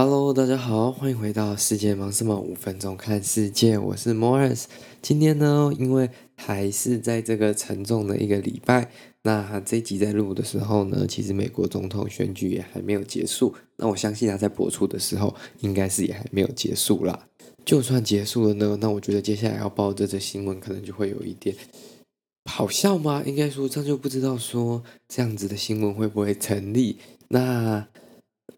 Hello，大家好，歡迎回到世界忙什麼五分鐘看世界，我是 Morris。今天呢，因為還是在這個沉重的一個禮拜，那這集在錄的時候呢，其實美國總統選舉也還沒有結束。那我相信他在播出的時候，應該是也還沒有結束啦。就算結束了呢，那我覺得接下來要報這則新聞，可能就會有一點好笑嗎？應該說，這就不知道說這樣子的新聞會不會成立。那。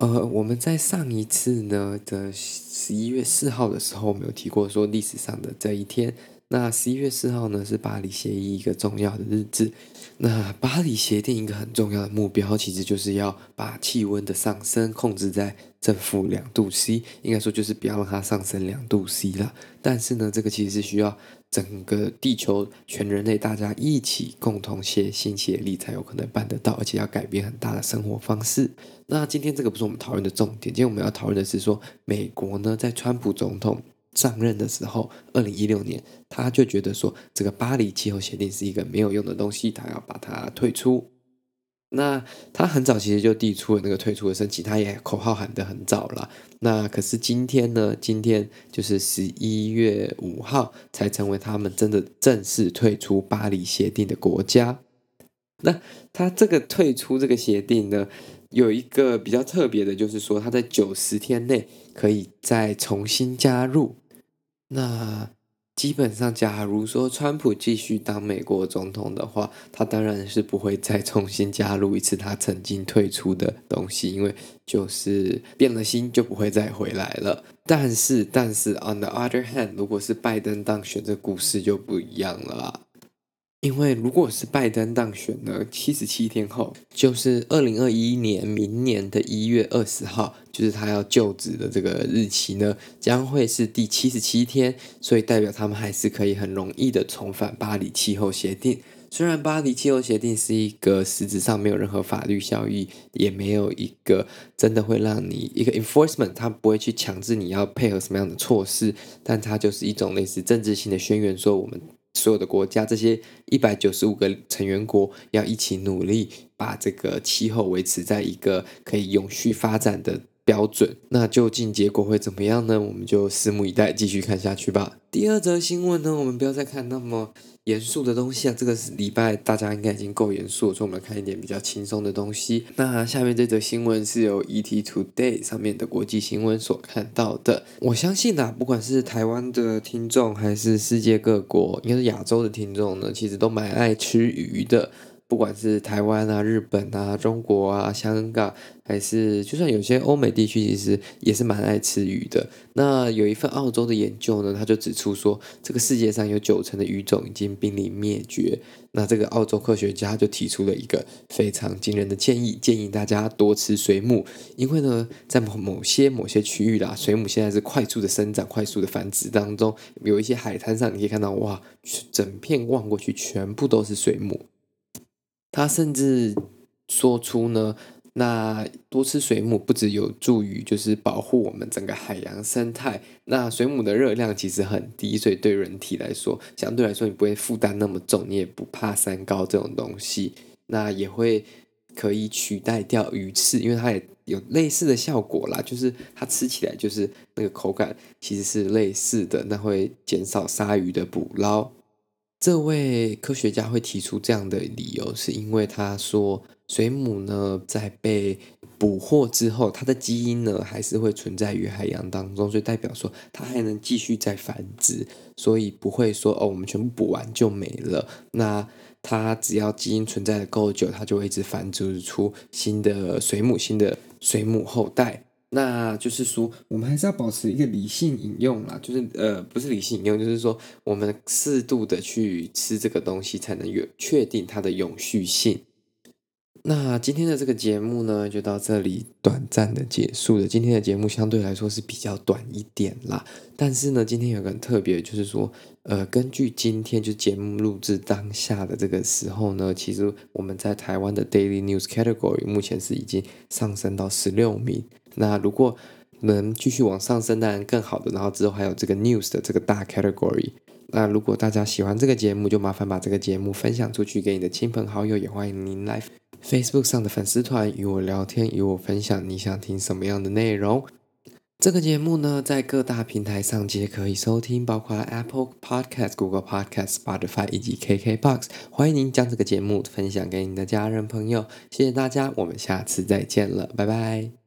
呃，我們在上一次呢的十一月四號的時候，我們有提過說歷史上的這一天。那十一月四號呢，是巴黎協議一個重要的日子。那巴黎協定一個很重要的目標，其實就是要把氣溫的上升控制在正負兩度 C，應該說就是不要讓它上升兩度 C 了。但是呢，這個其實是需要整個地球、全人類大家一起共同齊心協力才有可能辦得到，而且要改變很大的生活方式。那今天這個不是我們討論的重點，今天我們要討論的是說，美國呢，在川普總統。上任的時候，二零一六年，他就覺得說這個巴黎氣候協定是一個沒有用的東西，他要把它退出。那他很早其實就提出了那個退出的申請，他也口號喊得很早了。那可是今天呢？今天就是十一月五號才成為他們真的正式退出巴黎協定的國家。那他這個退出這個協定呢，有一個比較特別的，就是說他在九十天內可以再重新加入。那基本上，假如說川普繼續當美國總統的話，他當然是不會再重新加入一次他曾經退出的東西，因為就是變了心就不會再回來了。但是，但是 on the other hand，如果是拜登當選，這故事就不一樣了啦。因為如果是拜登當選了，七十七天後，就是二零二一年明年的一月二十號，就是他要就職的這個日期呢，將會是第七十七天，所以代表他們還是可以很容易的重返巴黎氣候協定。雖然巴黎氣候協定是一個實質上沒有任何法律效益，也沒有一個真的會讓你一個 enforcement，他不會去強制你要配合什麼樣的措施，但它就是一種類似政治性的宣言，說我們。所有的國家，這些一百九十五個成員國要一起努力，把這個氣候維持在一個可以永續發展的標準，那究竟結果會怎麼樣呢？我們就拭目以待，繼續看下去吧。第二則新聞呢，我們不要再看那麼嚴肅的東西啊。這個是禮拜大家應該已經夠嚴肅，所以我們來看一點比較輕鬆的東西。那下面這則新聞是由《ET Today》上面的國際新聞所看到的。我相信啊，不管是台灣的聽眾還是世界各國，應該是亞洲的聽眾呢，其實都蠻愛吃魚的。不管是台灣啊、日本啊、中國啊、香港，還是就算有些歐美地區，其實也是蠻愛吃魚的。那有一份澳洲的研究呢，他就指出說，這個世界上有九成的魚種已經瀕臨滅絕。那這個澳洲科學家就提出了一個非常驚人的建議，建議大家多吃水母，因為呢，在某些某些區域啦，水母現在是快速的生長、快速的繁殖當中，有一些海灘上你可以看到，哇，整片望過去全部都是水母。他甚至說出呢，那多吃水母不只有助於就是保護我們整個海洋生態，那水母的熱量其實很低，所以對人體來說，相對來說你不會負擔那麼重，你也不怕三高這種東西。那也會可以取代掉魚翅，因為它也有類似的效果啦，就是它吃起來就是那個口感其實是類似的，那會減少鯊魚的捕撈。這位科學家會提出這樣的理由，是因為他說，水母呢在被捕獲之後，它的基因呢還是會存在於海洋當中，就代表說它還能繼續再繁殖，所以不會說哦，我們全部捕完就沒了。那它只要基因存在得夠久，它就會一直繁殖出新的水母，新的水母後代。那就是說，我們還是要保持一個理性引用啦，就是呃，不是理性引用，就是說我們適度的去吃這個東西，才能有確定它的永續性。那今天的這個節目呢，就到這裡短暫的結束了。今天的節目相對來說是比較短一點啦，但是呢，今天有個特別，就是說，呃，根據今天就節目錄製當下的這個時候呢，其實我們在台灣的 Daily News Category 目前是已經上升到十六名。那如果能繼續往上升，當然更好的。然後之後還有這個 news 的這個大 category。那如果大家喜歡這個節目，就麻煩把這個節目分享出去給你的親朋好友。也歡迎您來 Facebook 上的粉絲團與我聊天，與我分享你想聽什麼樣的內容。這個節目呢，在各大平台上皆可以收聽，包括 Apple Podcast、Google Podcast、Spotify 以及 KKBOX。歡迎您將這個節目分享給你的家人朋友。謝謝大家，我們下次再見了，拜拜。